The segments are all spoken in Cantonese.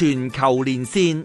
全球連線，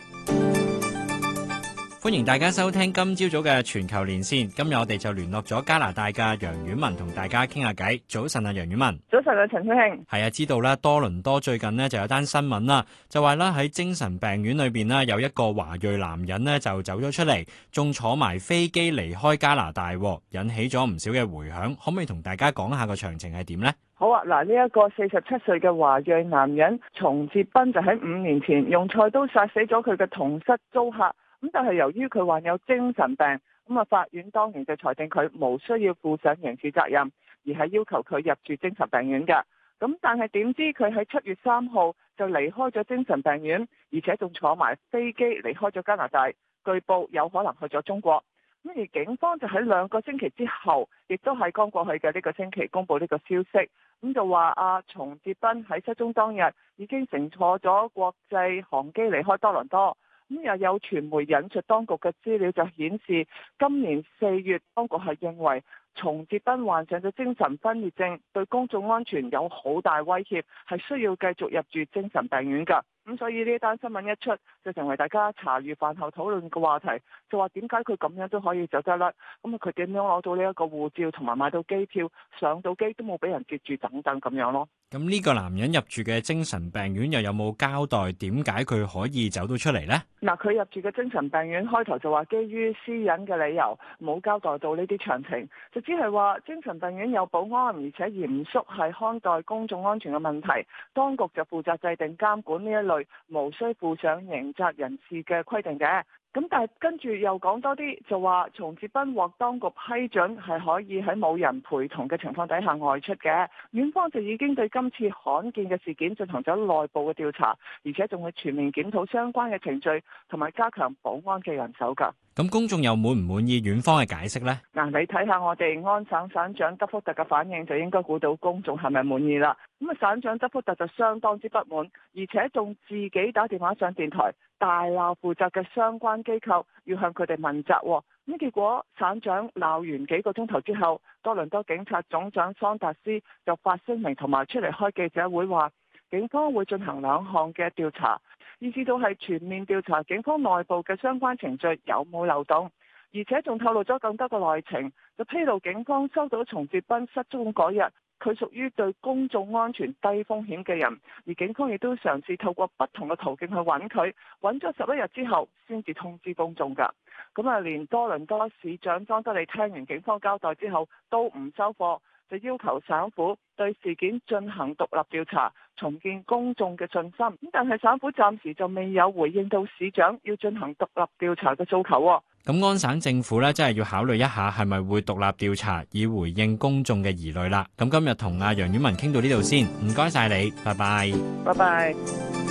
歡迎大家收聽今朝早嘅全球連線。今日我哋就聯絡咗加拿大嘅楊婉文同大家傾下偈。早晨啊，楊婉文。早晨啊，陳曉慶。係啊，知道啦，多倫多最近呢就有單新聞啦，就話咧喺精神病院裏邊呢有一個華裔男人呢就走咗出嚟，仲坐埋飛機離開加拿大，引起咗唔少嘅回響。可唔可以同大家講下個詳情係點呢？好啊，嗱呢一個四十七歲嘅華裔男人，馀志斌就喺五年前用菜刀殺死咗佢嘅同室租客，咁但係由於佢患有精神病，咁啊法院當年就裁定佢無需要負上刑事責任，而係要求佢入住精神病院嘅。咁但係點知佢喺七月三號就離開咗精神病院，而且仲坐埋飛機離開咗加拿大，據報有可能去咗中國。咁而警方就喺兩個星期之後，亦都係剛過去嘅呢個星期公佈呢個消息，咁就話阿叢哲斌喺失蹤當日已經乘坐咗國際航機離開多倫多，咁又有傳媒引述當局嘅資料就顯示，今年四月當局係認為叢哲斌患上咗精神分裂症，對公眾安全有好大威脅，係需要繼續入住精神病院㗎。咁所以呢單新聞一出，就成為大家茶餘飯後討論嘅話題，就話點解佢咁樣都可以走得甩？咁佢點樣攞到呢一個護照，同埋買到機票上到機都冇俾人截住，等等咁樣咯。咁呢個男人入住嘅精神病院又有冇交代，點解佢可以走到出嚟呢？嗱，佢入住嘅精神病院開頭就話基於私隱嘅理由，冇交代到呢啲詳情，就只係話精神病院有保安，而且嚴肅係看待公眾安全嘅問題，當局就負責制定監管呢一類無需負上刑責人士嘅規定嘅。咁、嗯、但係跟住又講多啲，就話馮志斌獲當局批准係可以喺冇人陪同嘅情況底下外出嘅。院方就已經對今次罕見嘅事件進行咗內部嘅調查，而且仲會全面檢討相關嘅程序，同埋加強保安嘅人手噶。咁公眾又滿唔滿意院方嘅解釋呢？嗱，你睇下我哋安省省長德福特嘅反應，就應該估到公眾係咪滿意啦。咁啊，省長德福特就相當之不滿，而且仲自己打電話上電台大鬧負責嘅相關機構，要向佢哋問責。咁結果省長鬧完幾個鐘頭之後，多倫多警察總長桑達斯就發聲明同埋出嚟開記者會，話警方會進行兩項嘅調查。意思都係全面調查警方內部嘅相關程序有冇漏洞，而且仲透露咗更多嘅內情，就披露警方收到叢哲斌失蹤嗰日，佢屬於對公眾安全低風險嘅人，而警方亦都嘗試透過不同嘅途徑去揾佢，揾咗十一日之後先至通知公眾㗎。咁、嗯、啊，連多倫多市長莊德利聽完警方交代之後都唔收貨，就要求省府對事件進行獨立調查。重建公眾嘅信心，但係省府暫時就未有回應到市長要進行獨立調查嘅訴求。咁安省政府呢，真係要考慮一下，係咪會獨立調查以回應公眾嘅疑慮啦？咁今日同阿楊婉文傾到呢度先，唔該晒你，拜拜，拜拜。